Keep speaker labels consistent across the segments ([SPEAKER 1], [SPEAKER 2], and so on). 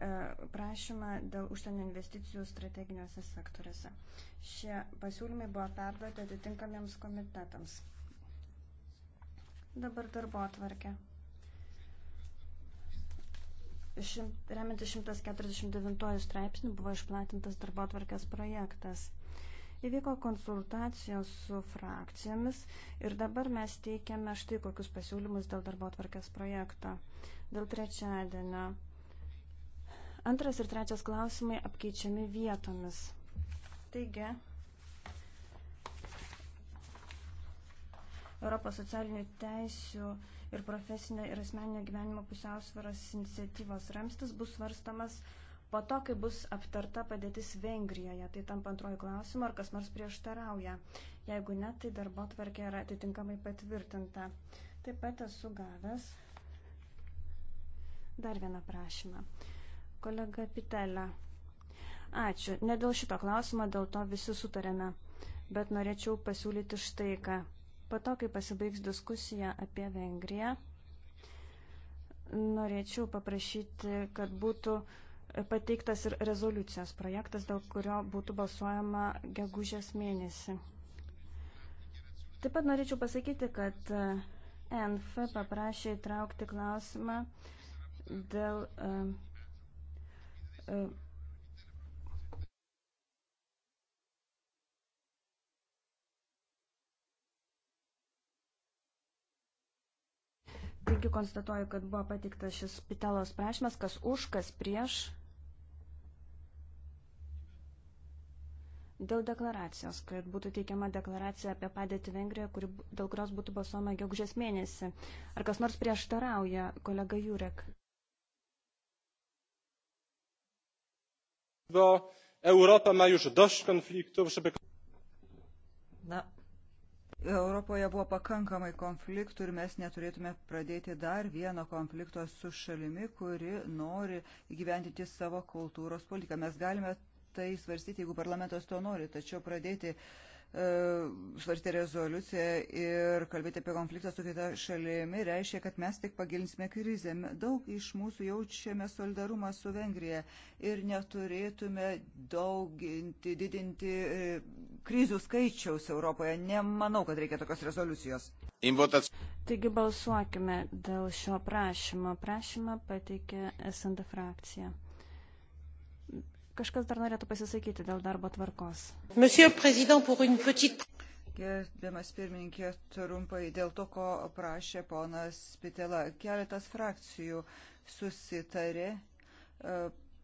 [SPEAKER 1] E, prašymą dėl užsienio investicijų strateginiuose sektoriuose. Šie pasiūlymai buvo perduoti atitinkamiems komitetams. Dabar darbo atvarkė. Remiantis 149 straipsnių buvo išplatintas darbo atvarkės projektas įvyko konsultacijos su frakcijomis ir dabar mes teikiame štai kokius pasiūlymus dėl darbo atvarkės projekto. Dėl trečiadienio Antras ir trečias klausimai apkeičiami vietomis. Taigi, Europos socialinių teisių ir profesinio ir asmeninio gyvenimo pusiausvaros iniciatyvos ramstis bus svarstamas po to, kai bus aptarta padėtis Vengrijoje. Tai tampa antroji klausimo, ar kas nors prieštarauja. Jeigu ne, tai darbo tvarkė yra atitinkamai patvirtinta. Taip pat esu gavęs dar vieną prašymą. Kolega Pitelė. Ačiū. Ne dėl šito klausimo, dėl to visi sutarėme. Bet norėčiau pasiūlyti štai ką. Po to, kai pasibaigs diskusija apie Vengriją, norėčiau paprašyti, kad būtų pateiktas ir rezoliucijos projektas, dėl kurio būtų balsuojama gegužės mėnesį. Taip pat norėčiau pasakyti, kad e, NF paprašė įtraukti klausimą dėl uh, Taigi konstatuoju, kad buvo patiktas šis pitelos prašymas, kas už, kas prieš. Dėl deklaracijos, kad būtų teikiama deklaracija apie padėtį Vengrijoje, kuri, dėl kurios būtų balsuoma gegužės mėnesį. Ar kas nors prieštarauja, kolega Jurek?
[SPEAKER 2] Europa ma już dość konfliktów, żeby. Na, Europoje buvo pakankamai konfliktų ir mes neturėtume pradėti dar vieno konflikto su šalimi, kuri nori gyventinti savo kultūros politiką. Mes galime tai svarstyti, jeigu parlamentas to nori, tačiau pradėti uh, E, svarstė rezoliuciją ir kalbėti apie konfliktą su kita šalimi reiškia, kad mes tik pagilinsime krizę. Daug iš mūsų jaučiame solidarumą su Vengrija ir neturėtume dauginti, didinti e, krizių skaičiaus Europoje. Nemanau, kad reikia tokios rezoliucijos. Taigi
[SPEAKER 1] balsuokime dėl šio prašymo. Prašymą pateikė SND frakcija. Kažkas dar norėtų pasisakyti dėl darbo tvarkos. Petite...
[SPEAKER 2] Gerbiamas pirmininkė, trumpai dėl to, ko prašė ponas Pitela. Keletas frakcijų susitarė e,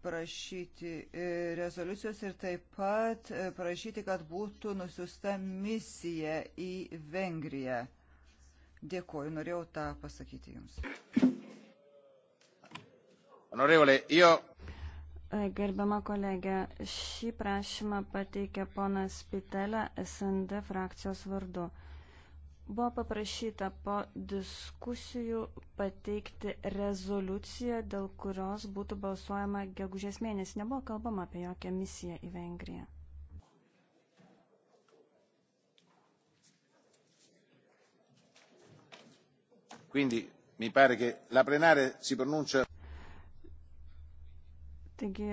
[SPEAKER 2] prašyti e, rezoliucijos ir taip pat e, prašyti, kad būtų nusiusta misija į Vengriją. Dėkuoju, norėjau tą pasakyti Jums.
[SPEAKER 3] Onorevole, io
[SPEAKER 1] E, gerbiama kolegė, šį prašymą pateikė ponas Pitelė SND frakcijos vardu. Buvo paprašyta po diskusijų pateikti rezoliuciją, dėl kurios būtų balsuojama gegužės mėnesį. Nebuvo kalbama apie jokią misiją į Vengriją.
[SPEAKER 3] Quindi mi pare che la plenaria si pronuncia.
[SPEAKER 1] Taigi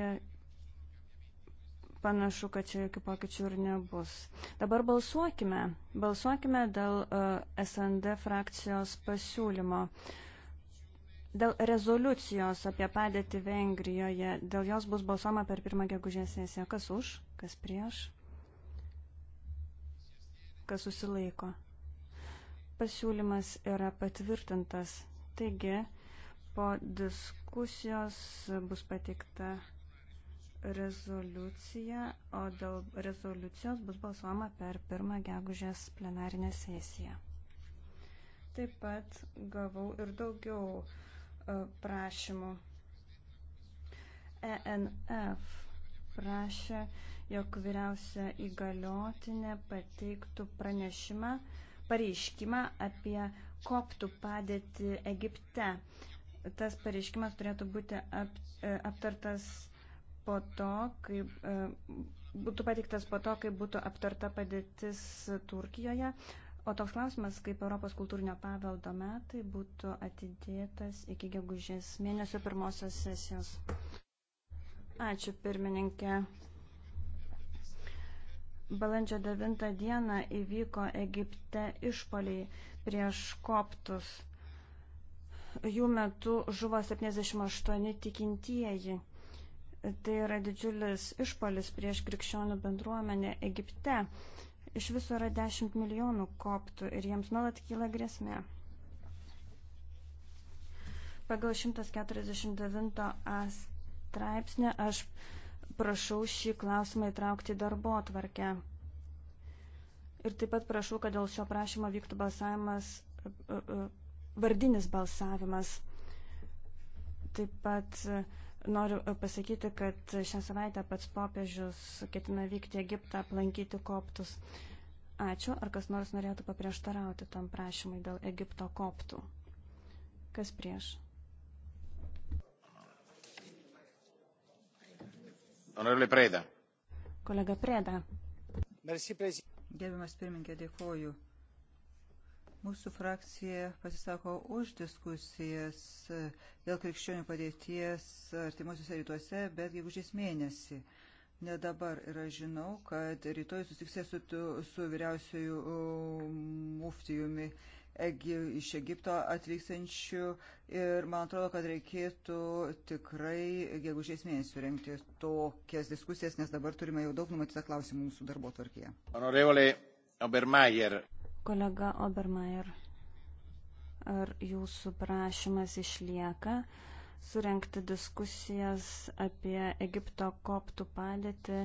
[SPEAKER 1] panašu, kad čia jokių pokyčių ir nebus. Dabar balsuokime. Balsuokime dėl e, SND frakcijos pasiūlymo. Dėl rezoliucijos apie padėtį Vengrijoje, dėl jos bus balsuoma per pirmą gegužės sesiją. Kas už, kas prieš, kas susilaiko. Pasiūlymas yra patvirtintas. Taigi, Po diskusijos bus pateikta rezoliucija, o dėl rezoliucijos bus balsuojama per pirmą gegužės plenarinę sesiją. Taip pat gavau ir daugiau e, prašymų. ENF prašė, jog vyriausia įgaliotinė pateiktų pranešimą, pareiškimą apie koptų padėtį Egipte tas pareiškimas turėtų būti ap, e, aptartas po to, kai e, būtų patiktas po to, kai būtų aptarta padėtis Turkijoje, o toks klausimas, kaip Europos kultūrinio paveldo metai, būtų atidėtas iki gegužės mėnesio pirmosios sesijos. Ačiū pirmininkė. Balandžio 9 dieną įvyko Egipte išpoliai prieš koptus jų metu žuvo 78 tikintieji. Tai yra didžiulis išpolis prieš krikščionių bendruomenę Egipte. Iš viso yra 10 milijonų koptų ir jiems nuolat kyla grėsmė. Pagal 149 A straipsnį aš prašau šį klausimą įtraukti darbo tvarkę. Ir taip pat prašau, kad dėl šio prašymo vyktų balsavimas e, e, vardinis balsavimas. Taip pat e, noriu e, pasakyti, kad šią savaitę pats popiežius ketina vykti Egiptą aplankyti koptus. Ačiū. Ar kas nors norėtų paprieštarauti tam prašymui dėl Egipto koptų? Kas prieš?
[SPEAKER 3] Honorable Preda.
[SPEAKER 2] Kolega Preda. Gerbiamas pirmininkė, dėkoju. Mūsų frakcija pasisako už diskusijas dėl krikščionių padėties artimuosiuose rytuose, bet gegužės mėnesį. Ne dabar ir aš žinau, kad rytoj susiksė su, su vyriausiųjų muftijumi Egi, iš Egipto atvykstančių ir man atrodo, kad reikėtų tikrai gegužės mėnesį rengti tokias diskusijas, nes dabar turime jau daug numatytą klausimų mūsų darbo tvarkyje.
[SPEAKER 3] Honorevole Obermeier.
[SPEAKER 2] Kolega Obermeier,
[SPEAKER 1] ar jūsų prašymas išlieka surenkti diskusijas apie Egipto koptų padėtį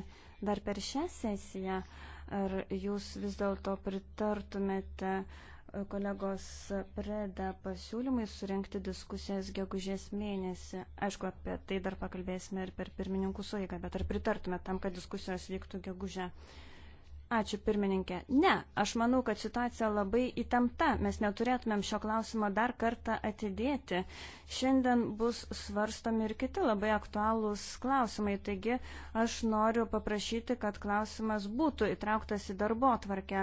[SPEAKER 1] dar per šią sesiją? Ar jūs vis dėlto pritartumėte e, kolegos Preda pasiūlymai surenkti diskusijas gegužės mėnesį. Aišku, apie tai dar pakalbėsime ir per pirmininkų suėgą, bet ar pritartumėt tam, kad diskusijos vyktų gegužę? Ačiū pirmininkė. Ne, aš manau, kad situacija labai įtempta. Mes neturėtumėm šio klausimo dar kartą atidėti. Šiandien bus svarstomi ir kiti labai aktualūs klausimai. Taigi aš noriu paprašyti, kad klausimas būtų įtrauktas į darbo tvarkę.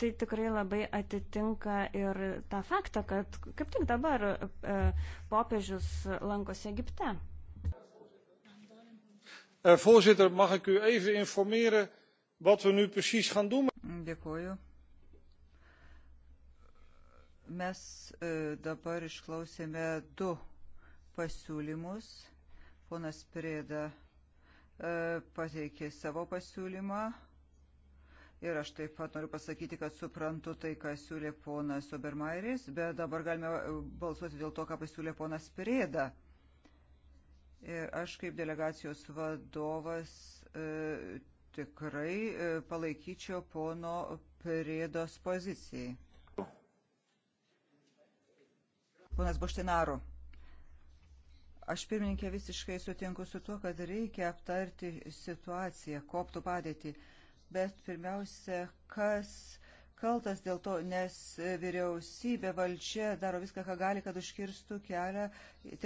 [SPEAKER 1] Tai tikrai labai atitinka ir tą faktą, kad kaip tik dabar e, popiežius lankosi Egipte. E,
[SPEAKER 2] voorzitter, mag ik u even informeren? wat we nu precies gaan doen. Dėkuoju. Mes e, dabar išklausėme du pasiūlymus. Ponas Prėda e, pateikė savo pasiūlymą. Ir aš taip pat noriu pasakyti, kad suprantu tai, ką siūlė ponas Obermairis, bet dabar galime e, balsuoti dėl to, ką pasiūlė ponas Prėda. Ir aš kaip delegacijos vadovas tikrai e, palaikyčiau pono Perėdos pozicijai. Ponas Buštinaru. Aš pirmininkė visiškai sutinku su tuo, kad reikia aptarti situaciją, koptų padėtį. Bet pirmiausia, kas kaltas dėl to, nes vyriausybė valdžia daro viską, ką gali, kad užkirstų kelią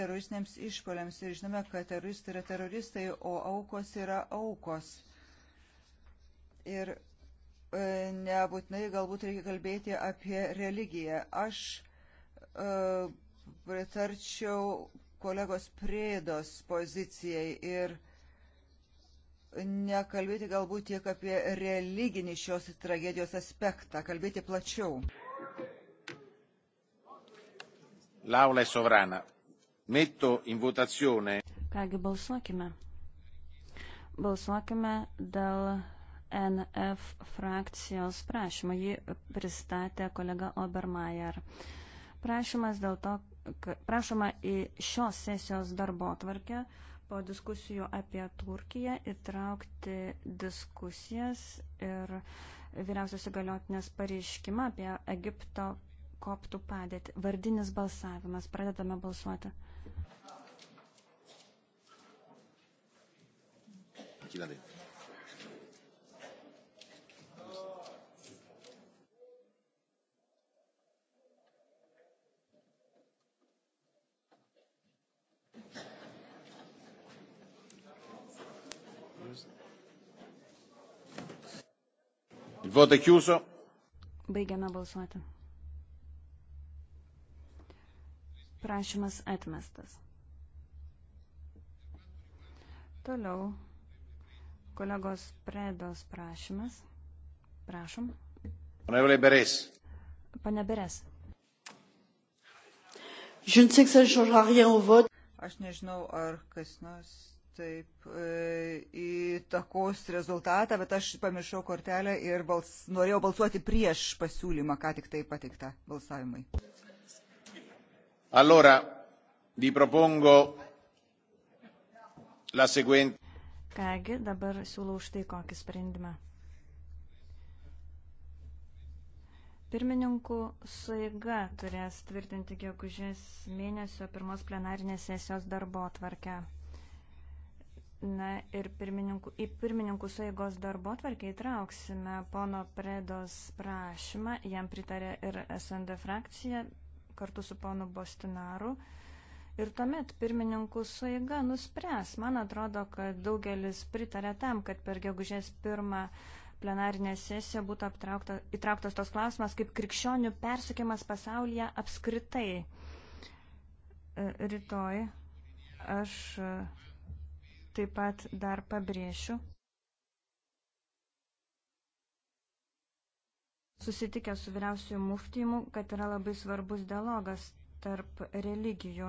[SPEAKER 2] teroristiniams išpoliams. Ir žinome, kad teroristai yra teroristai, o aukos yra aukos. Ir e, nebūtinai galbūt reikia kalbėti apie religiją. Aš e, pritarčiau kolegos priedos pozicijai ir nekalbėti galbūt tiek apie religinį šios tragedijos aspektą, kalbėti plačiau.
[SPEAKER 3] L'aula è sovrana. Metto in votazione.
[SPEAKER 2] Kągi
[SPEAKER 1] balsuokime. Balsuokime dėl NF frakcijos prašymą. Jį pristatė kolega Obermeier. Prašymas dėl to, prašoma į šios sesijos darbo tvarkę po diskusijų apie Turkiją įtraukti diskusijas ir vyriausios įgaliotinės pareiškimą apie Egipto koptų padėtį. Vardinis balsavimas. Pradedame balsuoti.
[SPEAKER 3] Gyvenai. Votai chiuso.
[SPEAKER 1] Baigiame balsuoti. Prašymas atmestas. Toliau kolegos Predos prašymas. Prašom.
[SPEAKER 3] Pane Beres.
[SPEAKER 1] Pane Beres.
[SPEAKER 2] Aš nežinau, ar kas nors taip e, įtakos rezultatą, bet aš pamiršau kortelę ir bals, norėjau balsuoti prieš pasiūlymą, ką tik tai pateiktą balsavimui.
[SPEAKER 3] Allora, vi propongo la seguente.
[SPEAKER 1] Kągi, dabar siūlau štai kokį sprendimą. Pirmininkų suiga turės tvirtinti gegužės mėnesio pirmos plenarinės sesijos darbo atvarkę. Na ir pirmininkų, į pirmininkų sueigos darbo tvarkiai trauksime pono Predos prašymą, jam pritarė ir SND frakcija kartu su ponu Bostinaru. Ir tuomet pirmininkų sueiga nuspręs. Man atrodo, kad daugelis pritarė tam, kad per gegužės pirmą plenarinę sesiją būtų aptraukta, įtrauktas tos klausimas kaip krikščionių persikimas pasaulyje apskritai. E, rytoj aš Taip pat dar pabrėšiu. Susitikę su vyriausiųjų muftijimu, kad yra labai svarbus dialogas tarp religijų,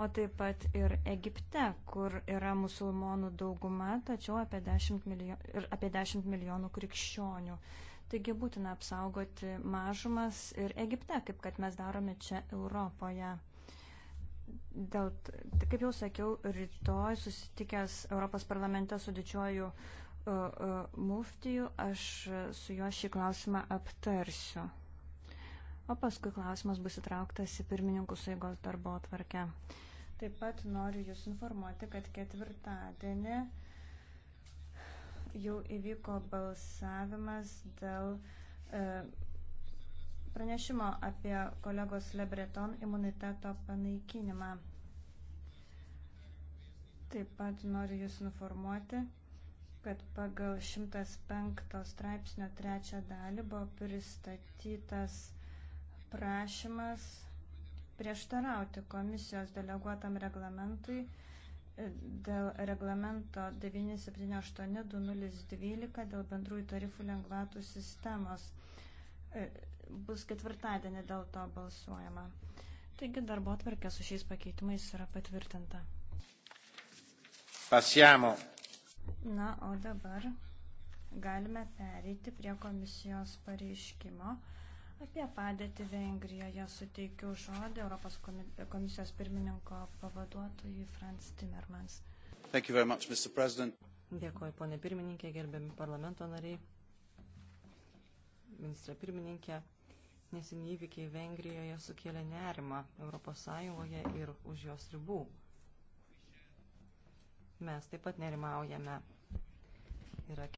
[SPEAKER 1] o taip pat ir Egipte, kur yra musulmonų dauguma, tačiau apie 10 milijonų, ir apie 10 milijonų krikščionių. Taigi būtina apsaugoti mažumas ir Egipte, kaip kad mes darome čia Europoje dėl, tai kaip jau sakiau, rytoj susitikęs Europos parlamente su didžiuoju uh, uh, muftiju, aš su juo šį klausimą aptarsiu. O paskui klausimas bus įtrauktas į pirmininkų saigos darbo atvarkę. Taip pat noriu Jūs informuoti, kad ketvirtadienį jau įvyko balsavimas dėl uh, pranešimo apie kolegos Lebreton imuniteto panaikinimą. Taip pat noriu Jūs informuoti, kad pagal 105 straipsnio trečią dalį buvo pristatytas prašymas prieštarauti komisijos deleguotam reglamentui e, dėl reglamento 978-2012 dėl bendrųjų tarifų lengvatų sistemos. E, bus ketvirtadienį dėl to balsuojama. Taigi darbo atvarkė su šiais pakeitimais yra patvirtinta.
[SPEAKER 3] Pasiamo.
[SPEAKER 1] Na, o dabar galime pereiti prie komisijos pareiškimo apie padėtį Vengrijoje. Suteikiu žodį Europos komisijos pirmininko pavaduotojui Franz Timmermans.
[SPEAKER 3] Much,
[SPEAKER 1] Dėkuoju, ponė pirmininkė, gerbiami parlamento nariai, ministra pirmininkė, Neseniai įvykiai Vengrijoje sukėlė
[SPEAKER 2] nerimą ES ir už jos ribų. Mes taip pat nerimaujame. Yra